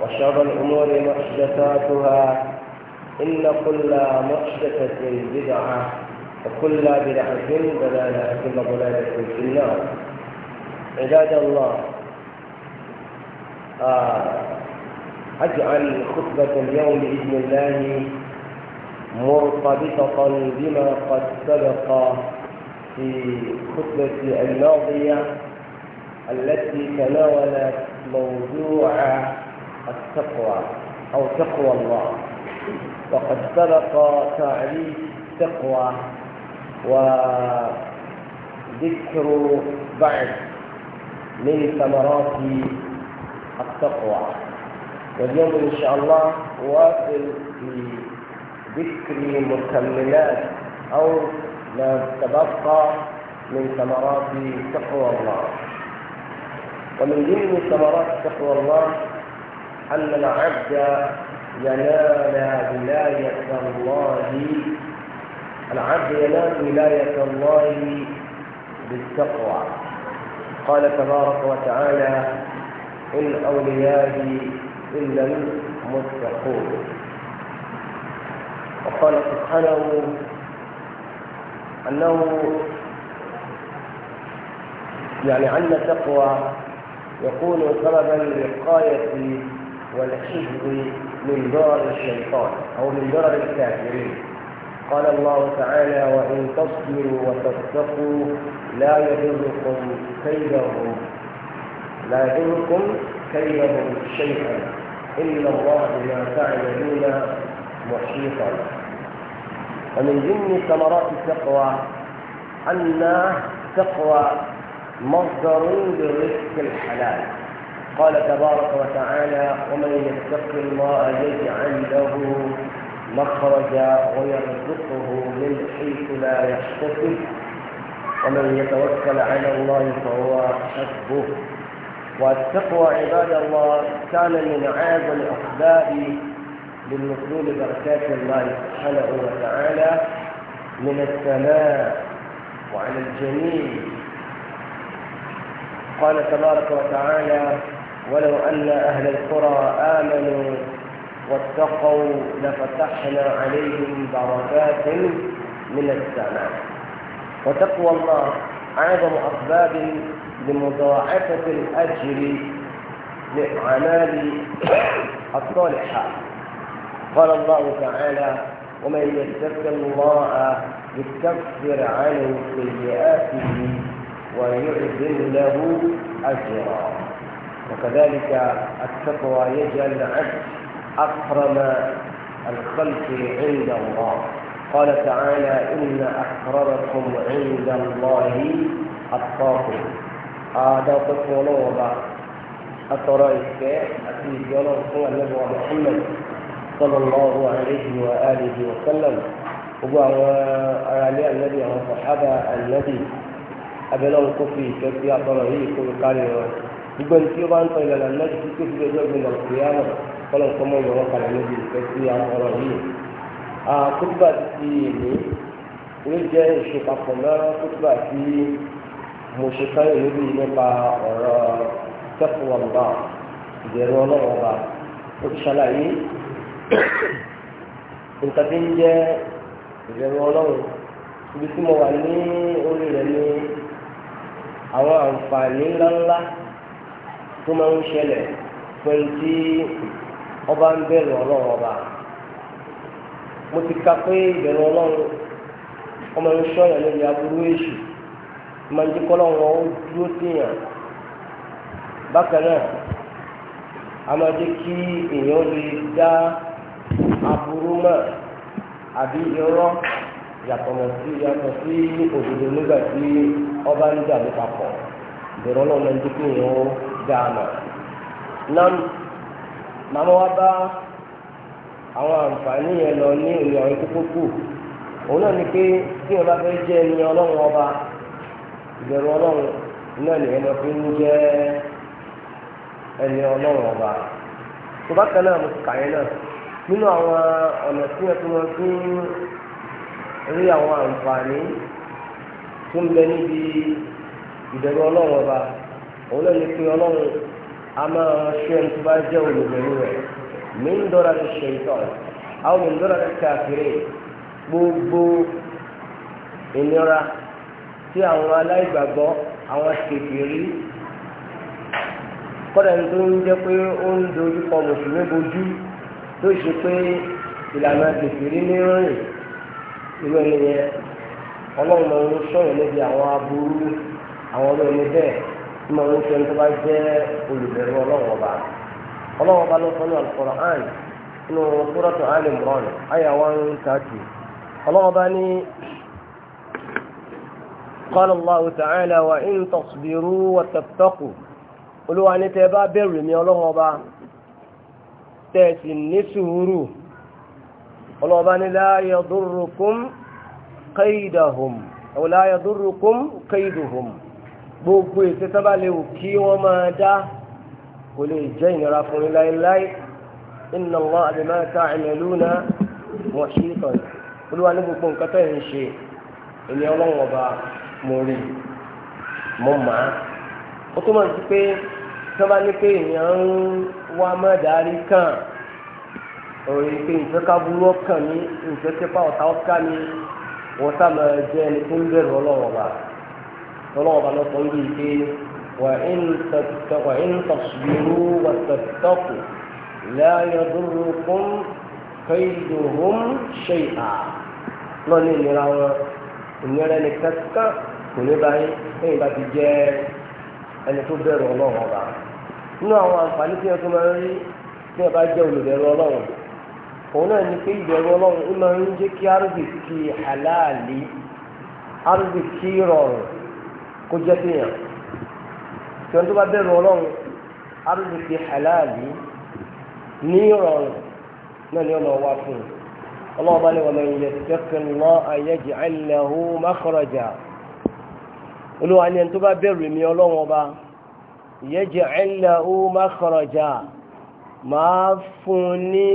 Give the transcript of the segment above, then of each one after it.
وشر الأمور محدثاتها إن كل محدثة بدعة وكل بدعة ضلالة وكل ضلالة في النار عباد الله آه أجعل خطبة اليوم بإذن الله مرتبطة بما قد سبق في خطبة الماضية التي تناولت موضوع التقوى أو تقوى الله وقد سبق تعريف التقوى وذكر بعض من ثمرات التقوى واليوم إن شاء الله واصل في ذكر مكملات أو ما تبقى من ثمرات تقوى الله ومن ضمن ثمرات تقوى الله أن العبد ينال ولاية الله العبد ينال ولاية الله بالتقوى قال تبارك وتعالى إن أوليائي إلا المتقون وقال سبحانه أنه يعني أن التقوى يكون سببا لوقاية والحفظ من ضرر الشيطان أو من ضرر الكافرين قال الله تعالى وإن تصبروا وتتقوا لا يضركم كيدهم لا يضركم كيدهم شيئا إن الله بما تعملون محيطا ومن ضمن ثمرات التقوى أن التقوى مصدر للرزق الحلال قال تبارك وتعالى ومن يتق الله يجعل له مخرجا ويرزقه من حيث لا يحتسب ومن يتوكل على الله فهو حسبه والتقوى عباد الله كان من اعظم الاسباب للنزول بركات الله سبحانه وتعالى من السماء وعلى الجميع قال تبارك وتعالى ولو أن أهل القرى آمنوا واتقوا لفتحنا عليهم بركات من السماء وتقوى الله أعظم أسباب لمضاعفة الأجر للأعمال الصالحة قال الله تعالى ومن يتق الله يكفر عنه سيئاته ويعزل له أجرا وكذلك التقوى يجعل العبد أكرم الخلق عند الله قال تعالى إن أكرمكم عند الله أتقاكم هذا تقوى الله أترأيك أتيك رسول الله محمد صلى الله عليه وآله وسلم وهو على النبي وصحابة النبي أبلغ كفي كفي أترأيك قال gbogbo ẹni tí ó bá ń tọ́ ìlànà lẹ́yìn tí kékeré ọjọ́ ìgbìmọ̀ ìyá náà kọ́lọ̀ kọ́ mọ́ ìyọ̀wọ́ kalẹ̀ níbi ìfẹ́ sí ọ̀rọ̀ yìí. àkótóbà ti èmi ló jẹ́ ìṣèpapọ̀ mẹ́rán kótóbà tí mo ṣe káyọ̀ níbi nípa ọ̀rọ̀ tẹ́kùwọ̀nba ìbẹ̀rù ọlọ́wọ́ba ó ti ṣàlàyé nǹkan tí ń jẹ́ ìbẹ̀rù ọlọ́run ibi tí mo wà ní orí rẹ̀ ní àwọn àǹfààní ńláńlá tó máa ń ṣẹlẹ̀ pẹ̀lú tí ọba ń bẹ̀rù ọlọ́run ọba mo ti ka pé ìbẹ̀rù ọlọ́run ọmọ ń ṣọ́yàn lórí aburú èṣù máa ń jẹ́ kọ́lọ́run ọ dúró síyàn bákan náà a máa jẹ́ kí èèyàn lè dá aburú mọ̀ àbí irọ́ yàtọ̀ sí yàtọ̀ sí ọba ń dànù na màmá wa bá àwọn àǹfààní yẹn lọ ní ìrìn àwọn kókó kù òun náà ni pé tí wọn bá ọba ìbẹ̀rù ọlọ́run náà lè ẹni ọkùnrin ń ẹni ọba tó bá náà mo ti kà yẹn náà nínú àwọn ọ̀nà tí wọn fi wọn fi rí àwọn àǹfààní ọba. òun náà ní pé ọlọ́run a máa ṣe ẹni tó bá jẹ́ olùbẹ̀rù rẹ̀ mí ń dọ́ra ní ṣèǹtọ̀ àwọn mi ń dọ́ra ní káfíìrì gbogbo ìnira tí àwọn aláìgbàgbọ́ àwọn kèfèrí kọ́dà ní tó ń jẹ́ pé ó ń dojúkọ mùsùlùmí bojú tó ṣe pé ìlànà kèfèrí ní rìn irú ẹni yẹn ọlọ́run ló ń sọ̀rọ̀ níbi àwọn aburú àwọn ọmọ bẹ́ẹ̀ tí mo ń sọ ní tó bá jẹ́ olùbẹ̀rù ọlọ́wọ́ ọba ọlọ́wọ́ ọba ló sọ́nù Al-Qur'an nínú Suratu Ali àyà one thirty ọlọ́wọ́ ọba ní. قال الله تعالى وإن تصبروا وتتقوا قلوا أن تبا برمي الله أبا tẹ̀sí ní sùúrù ọlọ́ọ̀bá ní láyàdúrùkún kaiduhum gbogbo ètò tó bá lè wù kí wọ́n máa dá kò lè jẹ́ ìnira fún mi láéláé inna Allaha bima ta'maluna muhitan olúwa ní gbogbo nǹkan tó ń ṣe èmi ọlọ́run ọba mo rí mo mà á ó túmọ̀ sí pé tí wọ́n bá ní pé èèyàn ń wá mọ́dàárí kàn òye pé ìfẹ́ burú ọkàn mi ìfẹ́ kẹ́pà ọ̀tá ọ̀ká mi wọ́n sá máa jẹ́ ẹni tó ń bẹ̀rù ọlọ́run ọba tọ́lọ́wọ́ bá lọ́kọ̀ ń bíi pé wà ń tọ̀sùbìrú wà tọ̀tọ̀kù láyọ̀ dúró fún kẹ́yìdò hóm ṣe à lọ́ní ìnira wọn ìnira ẹni kankan kò ní báyìí lẹ́yìn bá ti jẹ́ ẹni tó bẹ̀rù ọlọ́run ọba nínú àwọn àǹfààní tí wọn tó máa ń rí tí wọn bá jẹ́ olùbẹ̀rù ọlọ́run òun náà ni pé ìbẹ̀rù ọlọ́run ó máa ń jẹ́ kí arúgbìkì halali arúgbìkì rọrùn kó jẹ́ kéèyàn tí wọ́n tó bá bẹ̀rù ọlọ́run arúgbìkì halali ní ìrọ̀rùn náà ni ọ̀nà wa fún un ọlọ́run bá ní wọn lọ́yìn yẹ tẹ́kẹ̀ lọ́ ayẹ́jì àìlẹ́hu makhraja olúwa ni ẹni tó bá bẹ̀rù mi ọlọ́run ọba yẹ́jì àìlẹ́hu makhraja máa fún un ní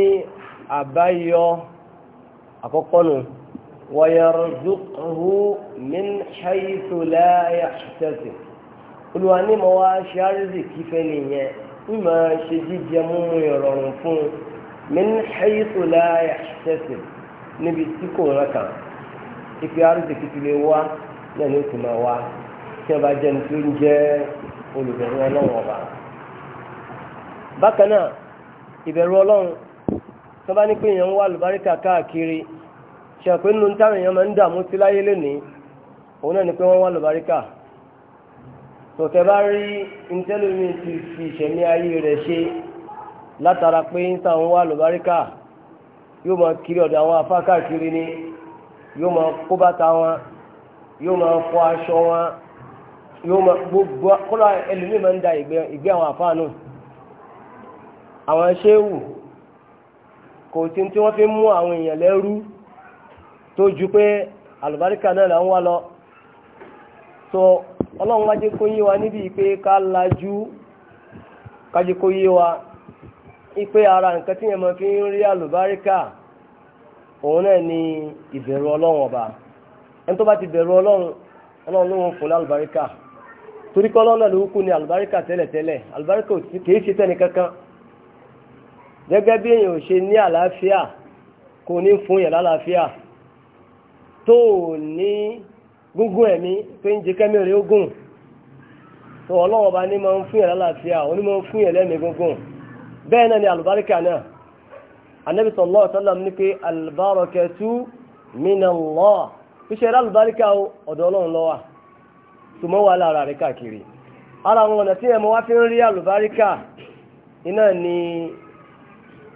àbáyọ àkọ́kọ́ nù. ويرزقه من حيث لا يحتسب Olúwa ní mo wá ṣe àrísìkí fẹ́ nìyẹn ń máa ṣe jíjẹ múmu ìrọ̀rùn fún un min haythu la yahtasib níbi tí kò rán kan ìpè àrísìkí ti lè wá náà ni ó ti máa wá tí wọ́n bá jẹ́ ní tí ó ń jẹ́ olùbẹ̀rù ọlọ́run ọba. bákan náà ìbẹ̀rù ọlọ́run tó bá ní pé èèyàn ń wá àlùbáríkà káàkiri ṣàpé nínú táwọn èèyàn máa ń dààmú sí láyé lónìí òun náà ni pé wọ́n wá lùbáríkà tòtẹ́ bá rí ntẹ́lómi ti fi ìṣẹ̀mí ayé rẹ̀ ṣe látara pé ń sàwọn wá lùbáríkà yóò máa kiri ọ̀dọ̀ àwọn afá káàkiri ni yóò máa kó bàtà wọn yóò máa fọ aṣọ wọn yóò máa gbogbo kọ́lá ẹlòmíì máa ń da ìgbé àwọn afá nù àwọn ṣéwù kò sí tí wọ́n fi mú àwọn èèyàn lẹ́rú. tó ju pé àlùbáríkà náà là ń lọ so ọlọ́run wájú kó yé wa níbi ká lajú kó yé wa ipe ara nǹkan tí yẹn mọ fi ń rí àlùbáríkà ni ìbẹ̀rù ọlọ́run ọba ẹni tó bá ti bẹ̀rù ọlọ́run ọlọ́run ló ń fún lálùbáríkà torí kọ́ lọ́nà ló kú ni àlùbáríkà tẹ́lẹ̀tẹ́lẹ̀ àlùbáríkà kìí ṣe kankan gẹ́gẹ́ bí èèyàn ò ṣe ní àlàáfíà kò ní fún yẹn lálàáfíà tó ní gúngún ẹ̀mí pé ń jẹ kẹ́mí rẹ̀ ógùn tó ọlọ́wọ́n bá ní máa ń fún yẹn lálàáfíà ó ní máa ń fún yẹn lẹ́mí ni àlùbáríkà náà anabi sọ alaihi wasallam ní pé albarakatu minallah fíṣẹ́ rẹ̀ àlùbáríkà ọ̀dọ̀ ọlọ́run ló tó mọ́ wà lára rẹ̀ káàkiri ara àwọn ọ̀nà tí ẹ̀mọ́ wá fi ń rí àlùbáríkà iná ni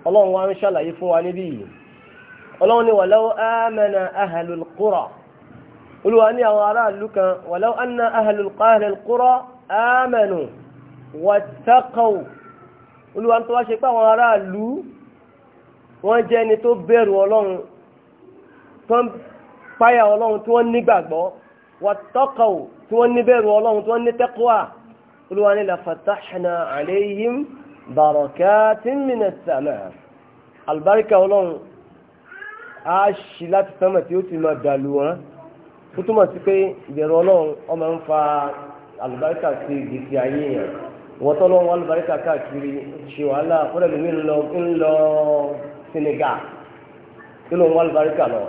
ọlọ́run wa ń ṣàlàyé fún wa níbí ọlọ́run ni wàláwọ́ amẹ́nà ahàlùkúrọ̀ olùwà ní àwọn aráàlú kan wàláwọ́ anna ahàlùkúrọ̀ amẹ́nu wàtàkọ̀ọ́ olùwà tó wá ṣe pé àwọn aráàlú wọ́n jẹ́ ẹni tó bẹ̀rù ọlọ́run tó ń páyà ọlọ́run tí wọ́n nígbàgbọ́ wàtàkọ̀ọ́ tí wọ́n níbẹ̀rù ọlọ́run tí wọ́n ní tẹ́kọ̀ọ́ á ṣí láti sánmà tí ó ti máa dàlù wọn tó túmọ̀ sí pé ìbẹ̀rù ọlọ́run ọmọ ń fa àlùbáríkà sí ìgbésí ayé yẹn wọ́n tọ́ lọ́wọ́ àlùbáríkà káàkiri ṣe wàhálà fúnra mi ń lọ Senegal kí ló ń wá àlùbáríkà lọ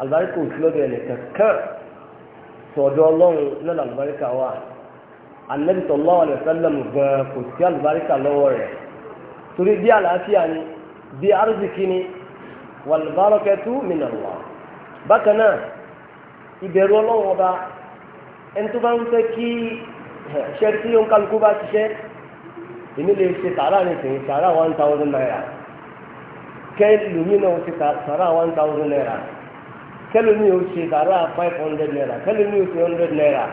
àlùbáríkà ò sí lọ́dọ̀ ẹnìkan kan sọ̀dọ̀ ọlọ́run lọ́dọ̀ àlùbáríkà wà anabi sallallahu alaihi wasallam gan kò sí àlùbáríkà lọ́wọ́ rẹ̀ torí bí àlàáfíà ni bí arúgbìkì ni wàlùbárọ̀kẹ́tù min Allah bákan náà ìbẹ̀rù ọlọ́wọ́n ọba ẹni tó bá ń fẹ́ kí eh, ṣe tí ó ń kálukú bá ṣiṣẹ́ èmi lè ṣe tààrà nìsín tààrà one thousand naira kẹlùmí náà ṣe tààrà one thousand naira kẹlùmí ó ṣe tààrà five hundred naira kẹlùmí ó ṣe hundred naira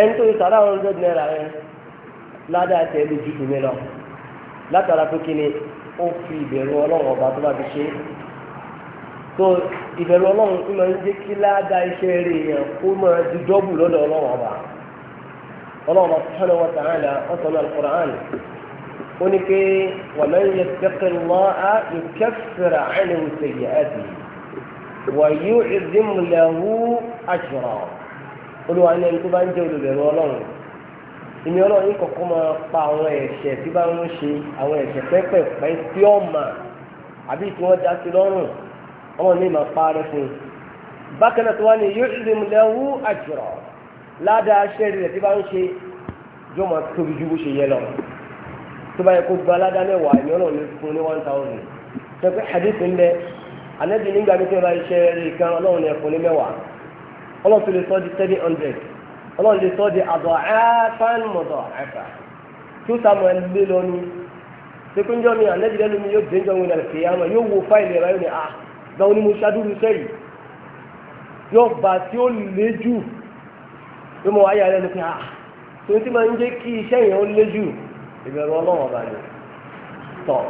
ẹni tó ṣe tààrà hundred naira yẹn ládàá tẹ lójú tèmi lọ látara pé kí ni ó fi ìbẹ̀rù ọlọ́wọ́n ọba tó bá fi ṣe é tó ìbẹ̀rù ọlọ́run tó máa ń jẹ́ kí ládàá iṣẹ́ rẹ̀ yẹn kó máa di dọ́bù lọ́dọ̀ ọlọ́run ọba ọlọ́run subhanahu wa ta'ala ọ̀sán al-Qur'an ó ní pé wa man yattaqillaha yukaffir anhu sayyi'atihi wa yu'zim lahu ajra olùwà ní ẹni tó bá ń jẹ́ olùbẹ̀rù ọlọ́run ìní ọlọ́run yìí kọ̀ọ̀kan máa pa àwọn ẹ̀ṣẹ̀ tí bá ń ṣe àwọn ẹ̀ṣẹ̀ pẹ́pẹ́pẹ́ tí ó àbí tí wọ́n dá sí lọ́rùn ọlọ́run ní ma parẹ́ fún un bákan náà tó wá ní yóò lẹ́wọ́ àjùrọ̀ ládàá ṣẹ́ẹ̀rì rẹ̀ tí bá ń ṣe yóò máa tóbi ju bó ṣe yẹ lọ tó bá yẹ kó gba ládàá mẹ́wàá ní ọlọ́run ní fún ní one thousand ṣe pé hadith ń bẹ anabi nígbà tó bá ṣe rí kan ọlọ́run ní fún ní mẹ́wàá ọlọ́run tó lè sọ di seven hundred ọlọ́run lè sọ di àdọ̀ ẹ̀fán mọ̀dọ̀ ẹ̀fà tó sàmọ̀ ẹ̀lẹ́ lọ́nu ṣe kúnjọ́ mi anabi lẹ́nu mi yóò dé jọ́ wọn ní àlùfẹ́ yóò wo fáìlì rẹ̀ yóò ní a. Ah, gbọ́n ní mo ṣàdúrú iṣẹ́ yìí yóò bá tí ó lé jù ló mọ̀ wáyà lẹ́nu pé ah tó ti máa ń jẹ́ kí iṣẹ́ yẹn ó lé jù ìbẹ̀rù ọlọ́run ọba ni tọ̀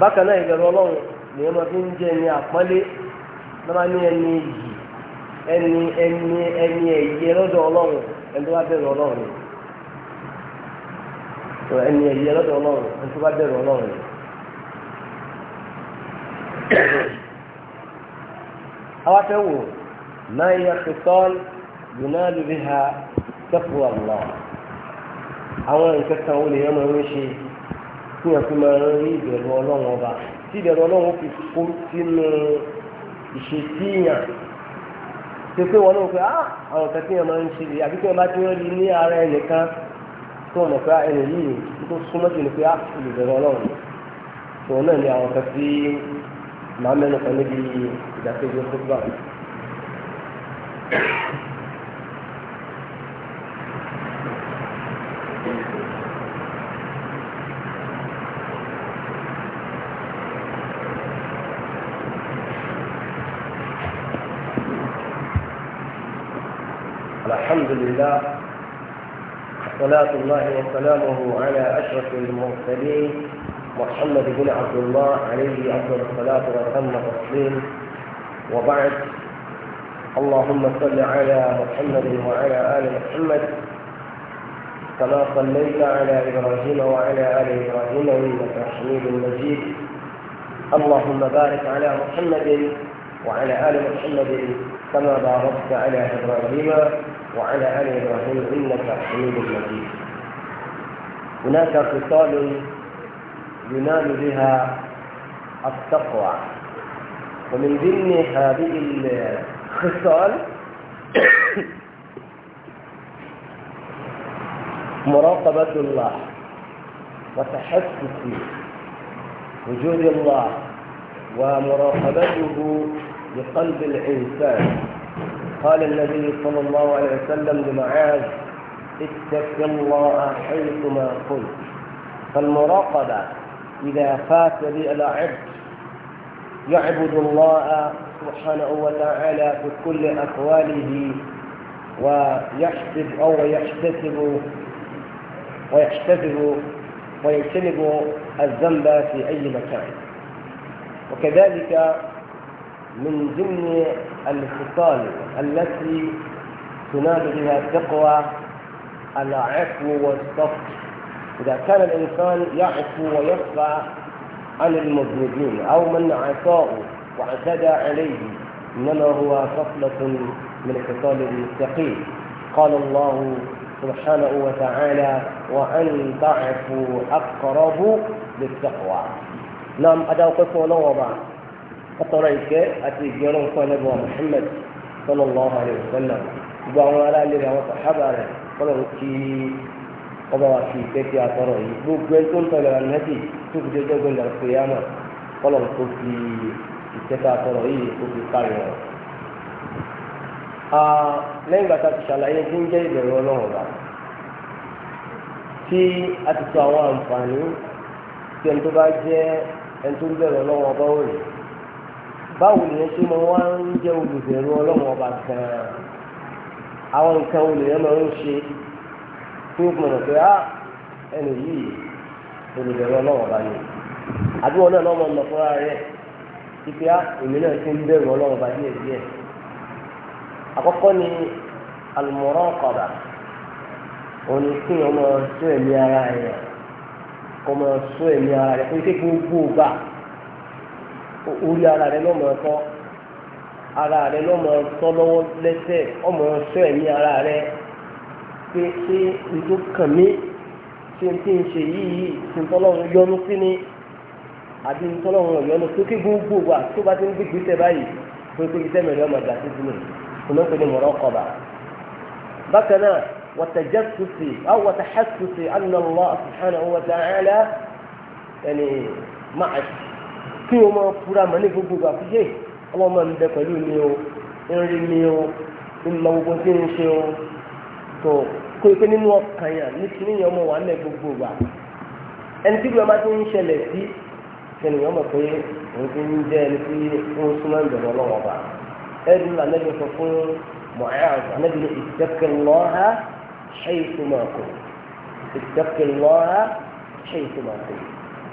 bákan náà ìbẹ̀rù ọlọ́run ni wọ́n fi ń jẹ́ ẹni àpọ́nlé lọ́wọ́ ní ẹni yìí ẹni ẹni ẹni ẹ̀yẹ lọ́dọ̀ ọlọ́run ẹni tó bá bẹ̀rù ọlọ́run ni ẹni ẹ̀yẹ lọ́dọ̀ ọlọ́run ẹni tó bá bẹ̀rù ọlọ́run ni àwọn fẹ́ wò máa yẹ kìtọ́n yóná lórí ha sẹ́fù ọ̀nà àwọn nǹkan kan wo lèèyàn máa ń ṣe tí wọ́n fi máa ń rí ìbẹ̀rù ọlọ́run ọba tí ìbẹ̀rù ọlọ́run fi kó sínú ìṣètìyàn ṣe pé wọn náà pé ah àwọn nǹkan tí wọ́n máa ń ṣe lè àbí tí wọ́n bá ti rí ní ara ẹnìkan tí wọ́n pé ah, ẹnì yìí tó súnmọ́ sí ni pé ah olùbẹ̀rù ọlọ́run tòun náà ni àwọn kan tí màá mẹ́nu kan níbi ìdàkejì الحمد لله صلاة الله وسلامه على أشرف المرسلين محمد بن عبد الله عليه أفضل الصلاة وأتم التسليم وبعد اللهم صل على محمد وعلى آل محمد كما صليت على إبراهيم وعلى آل إبراهيم إنك حميد مجيد اللهم بارك على محمد وعلى آل محمد كما باركت على إبراهيم وعلى آل إبراهيم إنك حميد مجيد هناك خصال ينال بها التقوى ومن ضمن هذه الخصال مراقبة الله وتحسس وجود الله ومراقبته لقلب الإنسان قال النبي صلى الله عليه وسلم لمعاذ اتق الله حيثما قلت فالمراقبة إذا فات بي عبد يعبد الله سبحانه وتعالى في كل أقواله ويحسب أو يحتسب ويحتسب ويجتنب الذنب في أي مكان وكذلك من ضمن الخصال التي تنال بها التقوى العفو والصفح إذا كان الإنسان يعفو ويرفع عن المذنبين أو من عصاه واعتدى عليه إنما هو فصلة من خصال المستقيم قال الله سبحانه وتعالى وأن تعفوا أقرب للتقوى نعم أدا وقف ولا وضع أتي أتجيرون فنبوى محمد صلى الله عليه وسلم وعلى آله وصحبه وسلم ọba wa fi ìfẹ́ ti àtọ̀rọ̀ yìí gbogbo ẹni tó ń tọ̀lẹ̀ ànábì tó fi dédé gbẹ̀ngà pé yá mà kọ́lọ̀ tó fi ìfẹ́ ti àtọ̀rọ̀ yìí tó fi kárí wọn. lẹ́yìn ìgbà tá a ti ṣàlàyé tí ń jẹ́ ìbẹ̀rù ọlọ́run ọba tí a ti sọ àwọn àǹfààní tí ẹni tó bá jẹ́ ẹni tó ń bẹ̀rù ọlọ́run ọba ó báwo ni ẹni tó máa wá ń jẹ́ olùbẹ̀rù ọlọ́run ọba gan-an àwọn nǹkan olùyẹn tí ó gbọ́dọ̀ pé á ah, ẹni yìí olùbẹ̀rẹ̀ ọlọ́wọ́ bá ní àdúgbò náà lọ́mọ ọmọ fúnra rẹ̀ títí á ah, èmi náà ti ń bẹ̀rù ọlọ́wọ́ bá díẹ̀ díẹ̀ àkọ́kọ́ ni al-muraqaba òun ni kí ọmọ sọ ẹ̀mí ara rẹ̀ kọ́ ọmọ sọ ẹ̀mí ara rẹ̀ pé gbogbo ògbà orí ara rẹ̀ lọ́mọ ẹ̀kọ́ ara rẹ̀ lọ́mọ ẹ̀kọ́ lọ́wọ́ lẹ́sẹ̀ ọmọ sọ ẹ̀mí ara rẹ̀ pé ṣé ètò kàn mí ṣe ń tí ń ṣe yìí ṣe ń tọ́lọ́run yọnu sí ni àbí ń tọ́lọ́run yọnu sókè gbogbo wa tó bá ti ń gbégbé tẹ báyìí pé pé iṣẹ́ mẹ́rin ọmọ ìgbà títí mi ìmọ̀ pé ní mọ̀rọ̀ kọba. bákan náà wàtàjẹ́sùsì àwọn wàtàjẹ́sùsì anàlọ́ subhanahu wa ta'ala ẹni máa kí o máa fura mọ́ ní gbogbo àfihàn ọmọ mi bẹ tó kó ipé nínú ọkàn yàn ní kíní yẹn ọmọ wà ń lẹ gbogbo wa ẹni tí gbogbo ọba ti ń ṣẹlẹ̀ sí kẹ́ni yẹn mọ̀ pé òun ti ń jẹ́ ẹni tí ó ń súnmọ́ ìbẹ̀rẹ̀ ọlọ́wọ́ ọba ẹ̀dùn lànàbí sọ fún mọ̀ẹ́rán ànábì ní ìtẹ́kẹ̀lọ́ha ṣe ìtumọ̀kù ìtẹ́kẹ̀lọ́ha ṣe ìtumọ̀kù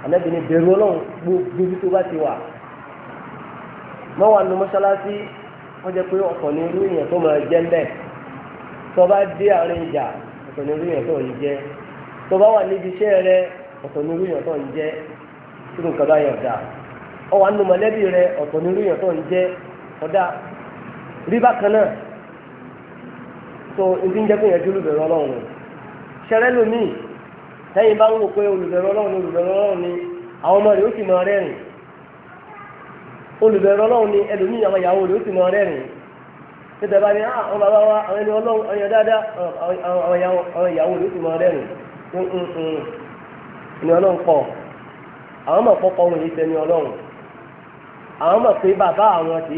ànábì ní bẹ̀rù ọlọ́run gbogbo tó bá ti wà mọ́wàá nu mọ́ṣáláṣí wọ́n jẹ́ pé ọ̀pọ̀ ní irú ìyẹn tó máa jẹ́ ń bẹ́ẹ̀ tọba bá dé àárín ìjà ọ̀tọ̀ ní orí ìyàtọ̀ yìí jẹ́ wà níbi iṣẹ́ rẹ ọ̀tọ̀ ní orí jẹ́ dà mọ̀lẹ́bí rẹ ọ̀tọ̀ ní orí ìyàtọ̀ yìí jẹ́ ọ̀dà rí bákan náà tó ibi ń jẹ́ yẹn ọlọ́run lómi sẹ́yìn bá tẹ́tẹ̀bá ni ah, àwọn bàbá wa àwọn ẹni ọlọ́run ọyàn dáadáa àwọn ìyàwó ló ti mọ ọlẹ́rìn ni ọlọ́run kọ àwọn mọ̀ pọ́pọ́ wọn yìí tẹni ọlọ́run àwọn mọ̀ pé bàbá àwọn kì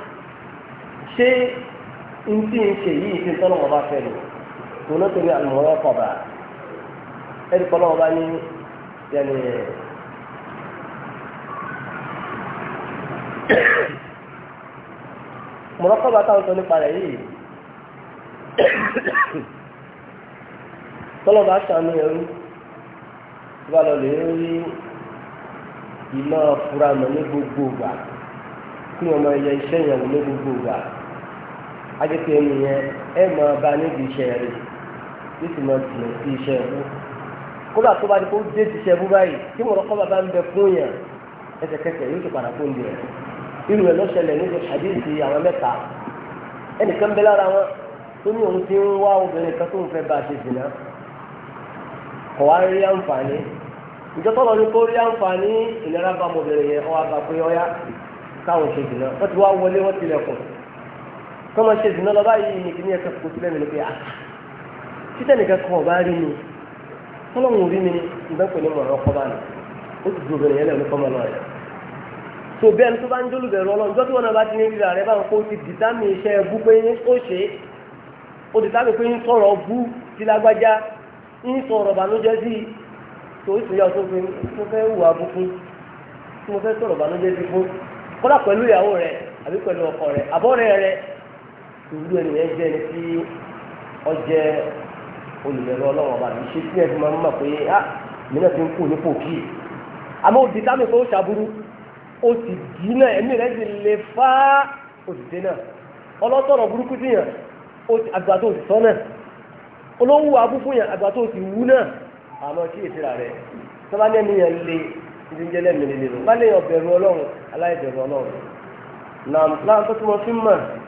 ṣé n tí ń ṣe yìí ti ń tọ́nà wọn bá fẹ́ lò kò ní torí àlùmọ́rọ́ kọ̀ọ̀bà ẹ̀rí kọ́ lọ́wọ́ bá ní yẹnì mọ̀rọ́kọ̀ọ̀bà táwọn sọ nípa rẹ̀ yìí tọ́lọ́ bá ṣàánú ẹrú tó bá lọ lè rí iná fura mọ̀ ní gbogbo ìgbà kí wọ́n máa yẹ iṣẹ́ yẹn wò ní gbogbo ìgbà ajẹ́pẹ́ ẹni yẹn ẹ máa bá níbi iṣẹ́ rẹ yóò sì máa jìnnà sí iṣẹ́ ẹ̀kú kódà tó bá di kó dé ti iṣẹ́ ẹ̀kú báyìí tí mo lọ́kọ́ bàbá ń bẹ fún yàn ẹsẹ̀kẹsẹ̀ yóò ti padà fún mi rẹ̀ irú rẹ̀ lọ́sẹ̀lẹ̀ níbi àdéhìsì àwọn mẹ́ta ẹnìkan bẹ lára wọn tó ní òun ti ń wá obìnrin kan tó ń fẹ́ bá a ṣe jìnnà kọ̀ wá rí àǹfààní ìjọba lọ ní kó rí àǹfààní ìlera bá ọmọbìnrin yẹn ọ kọ́ máa ṣe ìdùnnà lọ báyìí ní kíní ẹ̀ka kò sílẹ̀ nínú pé à ah, títẹ̀ nìkan kan ọ̀bá rí mi tọ́lọ́hún rí mi ní ìgbà pẹ̀lú mọ̀ràn ọkọ̀ bá mi ó ti dùn obìnrin yẹn lẹ́nu kọ́ máa lọ rẹ̀ tó bí ẹni tó bá ń jólù bẹ̀rù ọlọ́run jọ́ tí wọn náà bá ti ní rírà rẹ báwọn kó ti dìtámì iṣẹ́ ẹbú pé ó ṣe é ó dìtámì pé ń sọ̀rọ̀ bú ti lágbájá ń sọ̀rọ̀ bànújẹ́ sí tó ìsìnyá irú ẹni yẹn jẹ́ ti ọjẹ́ olùbẹ̀rẹ̀ ọlọ́wọ́ bá mi ṣe tí ẹ fi máa ń mọ̀ pé á ah, mi náà ti ń kú nípò kí àmọ́ òdì kámi pé ó ṣàbúrú ó sì dì náà ẹ̀mí rẹ̀ sì lè fá òdìdé náà ọlọ́tọ̀rọ̀ burúkú sí yàn àgbà tó ti sọ náà olówó abú fún yàn àgbà tó ti wú náà àmọ́ kí èsì rà rẹ̀ sábà ní ẹni yẹn lé ìdíjẹ́ lẹ́mìí lè lò bá lè yàn bẹ̀rù ọlọ́run aláìbẹ̀rù ọlọ́run náà láǹtọ́ tí mo fi mọ̀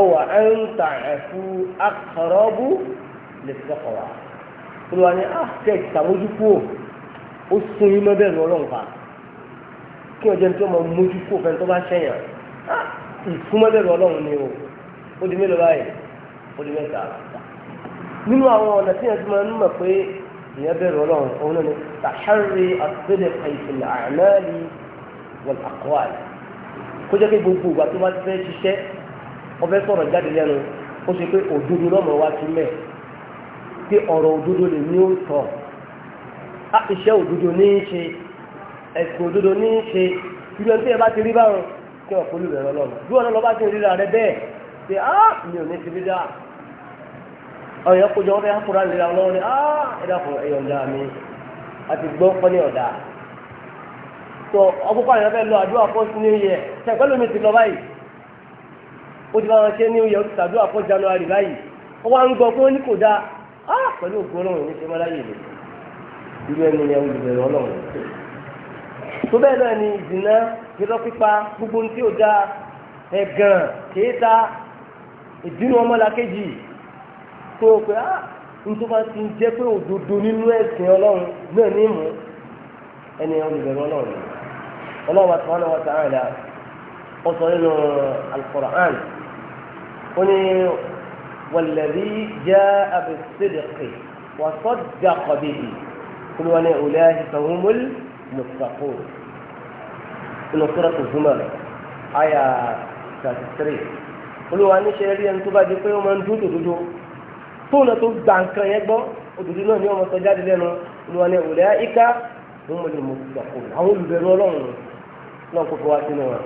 ọwọ́ à ń tà ẹ̀fú akọ̀rọ̀bù lè sọ̀kọ̀wà olùwà ni a kẹ́ ìtàmójú kú ò ó sún yín mọ́ bẹ́ẹ̀ lọ́rùn pa kí ọjọ́ ní tí wọ́n máa mójú kú òfin tó bá ṣẹ̀yàn ìfúnmọ́ bẹ́ẹ̀ lọ́rùn ni o ó di mélòó báyìí ó di mẹ́ta nínú àwọn ọ̀nà tí yẹn ti máa ń mọ̀ pé ìyẹn bẹ̀rù ọlọ́run òun náà ni tàṣárí àtúndẹ̀ ìfìlà àmàlì wọ̀n àkọ́wàlì kó jẹ́ pé gbogbo ìgbà tó bá ti fẹ́ ṣiṣẹ́ ọbẹ̀ sọ̀rọ̀ jáde lẹ́nu ó ṣe pé òdodo lọ́mọ wa ti mẹ́ pé ọ̀rọ̀ òdodo lè ní ó tọ̀ á iṣẹ́ òdodo ní í ṣe ẹ̀sìn òdodo ní í ṣe ibi ẹni tí ẹ bá ti rí báwọn kí wọn polú ìrẹ̀lọ́ lọ́mọ bí wọn lọ bá ti ríra rẹ bẹ́ẹ̀ ṣe á mi ò ní ti rí dá àwọn èèyàn kójọ wọn fẹ́ hàkúrà ríra lọ́wọ́ ni á ẹ̀dá fún ẹ̀yọ̀ǹda mi àti gbọ́ pọ́ ní ọ̀dà tó ọkùnkùn àyànfẹ́ lọ àdúrà fún sí ní yẹ ṣẹ̀gbẹ́ lómi ti lọ báyìí ó ti bá wọn ṣe ní oyè ó ti ṣàdúrà fún January báyìí ó wá ń gbọ́ pé ó ní kò dáa á pẹ̀lú ògùn ọlọ́run ní sẹ́mọ́lá yìí ni irú ẹni ni olùbẹ̀rẹ̀ ọlọ́run tó bẹ́ẹ̀ náà ni ìdìnnà irọ́ pípa gbogbo ohun tí ó dáa ẹ̀gàn kéèta ìdínú ọmọlàkejì tó o pé á nítorí wọn ti ń jẹ́ pé òdodo nínú ẹ̀sìn ọlọ́run náà ní mú ẹni olùbẹ̀rẹ̀ ọlọ́run Al-Qur'an ó ní wàlẹ́bí jẹ́ abẹ́sẹ̀dẹ̀kì wàsọ́dà kọ̀bìbì kí ni wọ́n ní ọ̀lẹ́ ìfẹ̀húnmọ́l mùsàkó inú sọ́rọ̀ tó zuma àyà thirty three olùwà ní ṣe rí ẹni tó bá di pé ó máa ń dún dòdòdó tóun náà tó gbà yẹn gbọ́ òdòdó náà ni wọ́n sọ jáde lẹ́nu olùwà ní ọ̀lẹ́ ìka wọ́n mọ̀ ní mùsàkó àwọn olùbẹ̀rù ọlọ́run náà kó fọwọ́ sínú wọn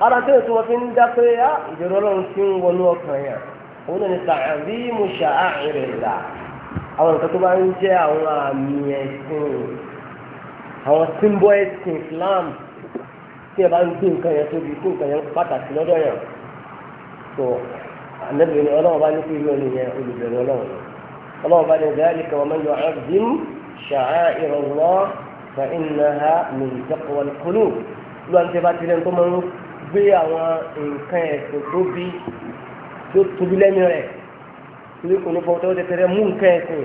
ara tí òtún wọn fi ń dá pé á ah, ìbẹ̀rù ọlọ́run ti ń wọnú ọkàn yẹn òun náà ní ta'zimu sha'airillah àwọn nǹkan tó bá ń jẹ́ àwọn àmì ẹ̀sìn àwọn símbọ́ ẹ̀sìn Islam tí ẹ bá ń gbé nǹkan yẹn tóbi kó nǹkan yẹn pàtàkì lọ́dọ̀ yẹn tó ànábìyẹn ni ọlọ́run bá ní kí irú ẹni yẹn olùbẹ̀rù ọlọ́run ọlọ́run bá ní dhalika wa man yu'azzim sha'airallahi fa innaha min taqwal qulub lóun ti bá tilẹ̀ ń tó máa gbé àwọn nǹkan ẹ̀sìn tóbi tó tóbi lẹ́nu rẹ̀ torí kò ní bọ́ tó tẹ̀tẹ̀rẹ̀ mú nǹkan ẹ̀sìn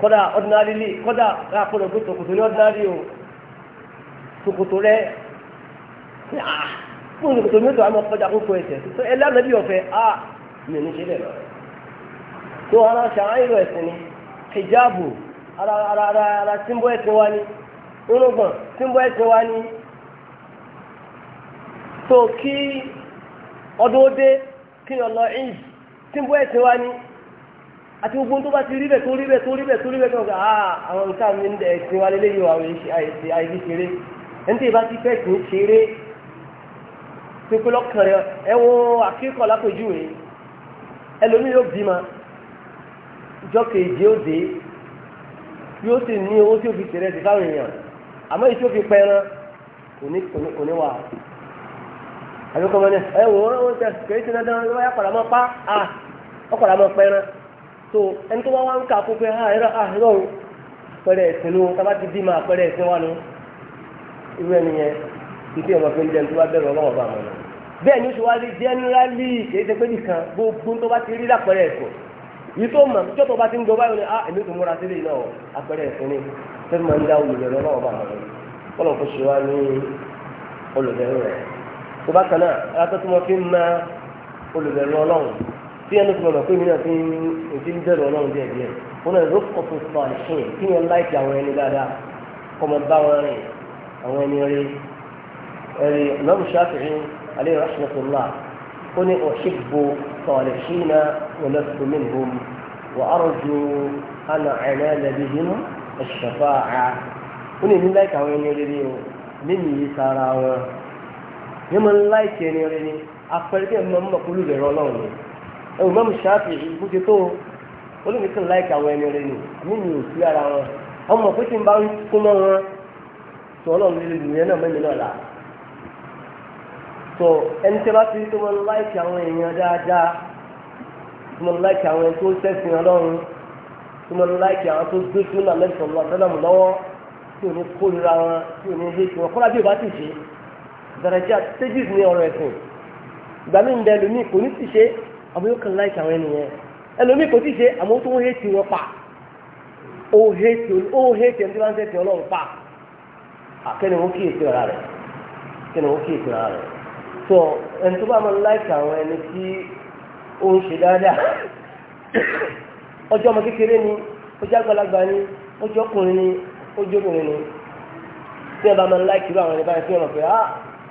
kódà ordinary lè kódà rákòlò pé tòkòtò ní ordinary o tòkòtò rẹ̀ fún tòkòtò mi tó àmọ́ kọjá kókó ẹ̀sẹ̀ tó ẹ lánàá bí ọ̀fẹ́ a mi ò ní ṣe lẹ́nu tó ara ṣàáyọ̀ ẹ̀sìn ni hijabu ara ara ara símbọ́ ẹ̀sìn wa ni orúgbọ̀n símbọ́ ẹ̀sìn wa ni. so kí ọdún ó dé kí ọlọ eid tí ń bọ́ ẹ̀sìn wá ní àti gbogbo tó bá ti rí bẹ́ẹ̀ tó rí bẹ́ẹ̀ rí bẹ́ẹ̀ rí mi tí ti ní owó tí ó fi tẹ̀lé ti fáwọn èèyàn àmọ́ ìṣó fi kò ní wà á. àbí kọ́ mọ́ni ẹ wò ó ṣe kèé ṣe dandan ẹ ọkọ̀ làmọ́ pa á ọkọ̀ làmọ́ pẹ́ran tó ẹni tó wá wá ń kà fún pé á ẹ̀rọ á ẹ̀rọ òun pẹ̀rẹ̀ ẹ̀sìn ló tábà ti bímọ àpẹẹrẹ ẹ̀sìn wa nu irú ẹni yẹn títí ọmọ fi ń jẹun tó bá bẹ̀rù ọlọ́wọ́ bá wọn. bẹ́ẹ̀ ni oṣù wa rí jẹ́nẹ́rálì kèé ṣe pé nìkan gbogbo tó bá ti rí lápẹ̀rẹ̀ ẹ̀sìn yìí tó mọ̀ tí tó bá ti ń gbọ́ báyìí ni ah èmi tó múra sílẹ̀ náà àpẹẹrẹ ẹ̀sìn ni fẹ́ẹ́ máa ń dá olùbẹ̀rù ọlọ́wọ́ bá wọn. kọ́lọ̀ kó ṣe wá ní olùbẹ̀rù rẹ̀ tó bá kan náà látọ́ tí wọ́n fi ń máa olùbẹ̀rù ọlọ́run tí ẹnu fi mọ̀ pé mi náà fi ń ojú ń bẹ̀rù ọlọ́run díẹ̀ díẹ̀ wọn náà lóko tó sọ àìsàn kí wọn láìsí àwọn ẹni dáadáa kọ́ mọ bá wọn rìn àwọn ẹni rí ẹ̀rí lọ́rùn ṣáfìrí alẹ́ rásùlọ́tòlá ó ní ọ̀ṣìgbò sọ̀rọ̀ sí iná ọlọ́sùn mi nìhom wà á rọ̀jò àná àìná ẹlẹ́bí nínú ẹ̀ṣẹ̀fà á ó ní ní àwọn ẹni rí rí o ní mo ni láìkì ni apẹ̀rẹ̀ tí mo mọ̀ kúlù bẹ̀rẹ̀ ọlọ́run ni ẹ̀rù mọ́mù ṣáàfì ìbú ti tó olómi sì ń àwọn ẹni rẹ ni mí mi ò sí ara wọn ọmọ pé tí n bá ń kú mọ́ wọn tó ọlọ́run líle lù yẹn náà mẹ́mi náà là tó ẹni tí bá ti tó mo ń láìkì àwọn èèyàn dáadáa tó mo ń láìkì àwọn ẹni tó sẹ́sìn ọlọ́run tó mo ń láìkì àwọn tó gbé fún àmẹ́sàn lọ́wọ́ tí ò ní kórira dàrẹ́jà stages ní ọ̀rọ̀ ẹ̀sìn ìgbà mí ń da ẹlòmíì kò ní ti ṣe àmọ́ yóò kàn láìka àwọn ènìyàn ẹlòmíì kò ti ṣe àmọ́ tó ń hétí wọn pa ó hétí ó hétí ẹni tí wọ́n ń pa a wọn kí èsì ọ̀rá rẹ̀ akẹ́ni wọn kí èsì ọ̀rá so tó ẹni tó bá máa láìka àwọn ẹni tí ó ń ṣe dáadáa ọjọ́ ọmọ kékeré ni ọjọ́ àgbàlagbà ni ọjọ́ ọkùnrin ni ọjọ́ obìnrin ni tí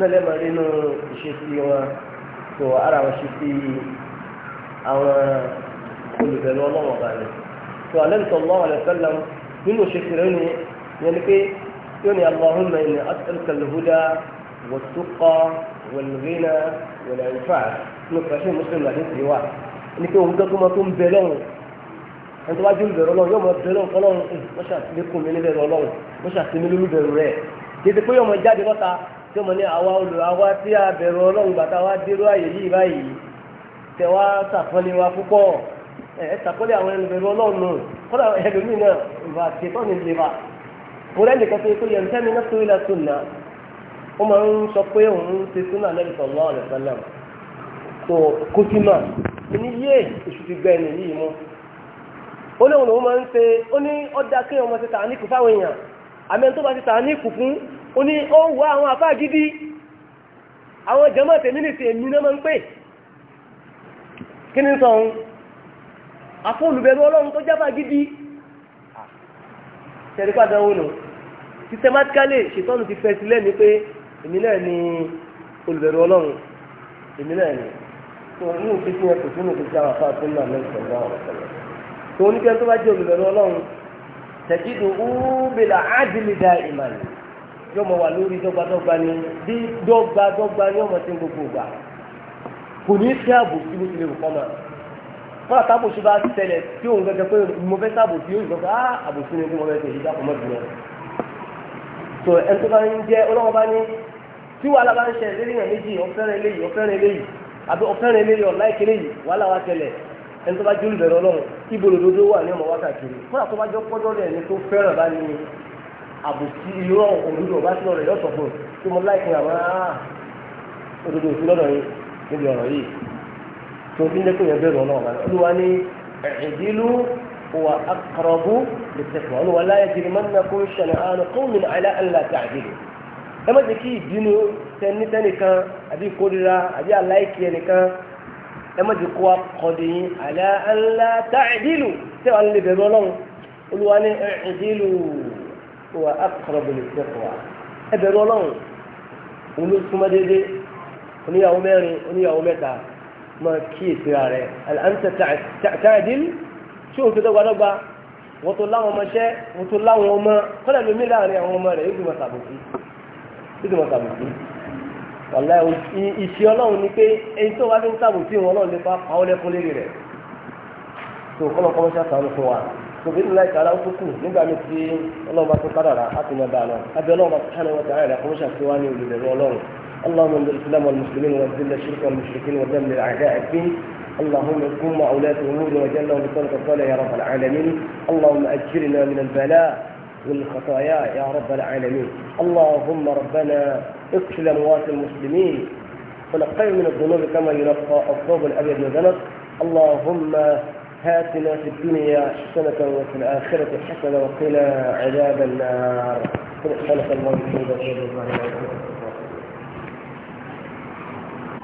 náà lẹ́mọ̀ nínú ìṣesí wọn tó ara wọn ṣe sí àwọn olùbẹ̀rù ọlọ́wọ̀n bá rẹ̀ tó alẹ́ nìkan lọ́wọ́ rẹ̀ fẹ́lẹ̀ nínú ìṣesí rẹ̀ ni yẹn ni pé yóò ní Allahumma inni as'aluka al-huda wat-tuqa nínú kẹfẹ́ mùsùlùmí àti tìwá ni pé òun tó tó ń bẹ lọ́wọ́ ẹni tó bẹ̀rù ọlọ́run yóò máa bẹ̀rù ọlọ́run kọ́lọ́run mọ́ṣà lékún mi níbẹ̀rù ọlọ́run mọ́ṣà sí mi lólúbẹ̀rù rẹ̀ tètè pé yóò máa jáde lọ́ta tí mo ní àwa olùwàwá tí a bẹ̀rù gbàtà wá dérú àyè yìí báyìí tẹ wá wa púpọ̀ ẹ sàkọ́lé àwọn ẹnu bẹ̀rù ọlọ́run kọ́dà ẹlòmíì náà ìwà àtẹ̀tọ́ ní ìlera nìkan tó yẹ kó yẹ náà tó nà ó máa ń sọ pé òun ti sún náà sálẹ̀ tó kó ní yé oṣù ti gbẹ ẹni mọ́ ó ní òun ó ní ó ń wá àwọn àfáà gidi àwọn jẹmọ́ tẹ̀mínìtì èmi náà máa ń pè kí ní sọ̀hún afọ́ olùbẹ̀rù ọlọ́run tó jábà gidi tẹ̀rípàdà ah, òun systematically ṣètọ́nù ti fẹ́ sílẹ̀ ní pé èmi náà ni olùbẹ̀rù ọlọ́run èmi ni tó ní òfin fi hàn kò sínú kò sí àwọn afáà tó ń nà ó bèèrè àádìlì dá ìmàlẹ̀ yóò mọ wà lórí dọ́gbadọ́gba ni bí dọ́gbadọ́gba ni ọmọ ti ń gbogbo gbà kò ní sí ààbò tí mo ti lè kọ́ ma fún àtàbò tí bá tẹlẹ̀ tí òun gẹ́gẹ́ pé mo fẹ́ sábò tí yóò gbọ́dọ̀ á ah, àbò tí mo fẹ́ tẹ̀lé ìjà kọ́mọ́ jùlọ. tó ẹni tó bá ń jẹ́ ọlọ́wọ́ bá ní tí wàhálà bá ń ṣe lérí yàn méjì ọ̀fẹ́rẹ́ eléyìí ọ̀fẹ́rẹ́ eléyìí àbí ọ̀fẹ́rẹ́ eléyìí ọ̀láìkẹ́ eléyìí wàhálà wa tẹlẹ̀ ẹni tó bá jólù bẹ̀rẹ̀ ọlọ́run ibòlódodo wà àbòsí irọ́ òdodo ọba sí ọ̀rọ̀ yọ̀tọ̀ fún tí mo láìpẹ́ àwọn òdodo òsì lọ́dọ̀ yìí níbi ọ̀rọ̀ yìí tó fi ń dẹ́kun yẹn bẹ̀rù ọ̀nà ọ̀gá olúwa ní ẹ̀ẹ́dínlú wà aqrabu lẹ́tẹ̀kùn olúwa láyé jìnnì máa ń nà kó ṣẹlẹ̀ àánú kó mi àìlá àìlá tí a jìnnì ẹ má jẹ́ kí ìbínú tẹni tẹnìkan àbí ìkórira àbí aláìkí ẹnìkan ẹ má jẹ́ kó wa kọ́dé yín àìlá àìlá tí a jìnnì tẹ́wàá lè bẹ̀rù ọlọ́run olúwa ní ẹ̀ẹ́dínlú wà aqrabu lit-taqwa ẹbẹ̀rù ọlọ́run òun ló súnmọ́ déédéé oníyàwó mẹ́rin oníyàwó mẹ́ta máa kí ìsira rẹ̀ àǹtà ta'dil tí òun tó dọ́gba dọ́gba wọ́n tó láwọn ọmọ iṣẹ́ wọ́n tó láwọn ọmọ kọ́lẹ̀ lómi láàrin àwọn ọmọ rẹ̀ yóò dùn mọ́tàbùkì wàlá ìṣẹ́ ọlọ́run ni pé ẹni tó wá fi ń sábò tí wọn ọlọ́run lè fa pàwọ́lẹ́kún lérí rẹ̀ tó kọ́lọ́kọ́ mọ́ṣáṣá fún wa. tòbí ńlá ìkàlà òkúkú nígbà mi ti ọlọ́ọ̀bá tó kádàrà láti ní ọba náà abẹ́ ọlọ́ọ̀bá sùhánà wọ́n tààrà ìdàkùn ṣàfi wá ní olùbẹ̀rù ọlọ́run اللهم انزل الاسلام والمسلمين وانزل الشرك والمشركين ودمر اعداء الدين اللهم اكن مع ولاة امور وجلهم بصدق الصالح يا رب العالمين اللهم اجرنا من البلاء والخطايا يا رب العالمين اللهم ربنا اكفل اموات المسلمين ونقيهم من الذنوب كما ينقى الثوب الابيض من ذنب اللهم هاتنا في الدنيا حسنة وفي الآخرة حسنة وقنا عذاب النار سبحانك اللهم وبحمدك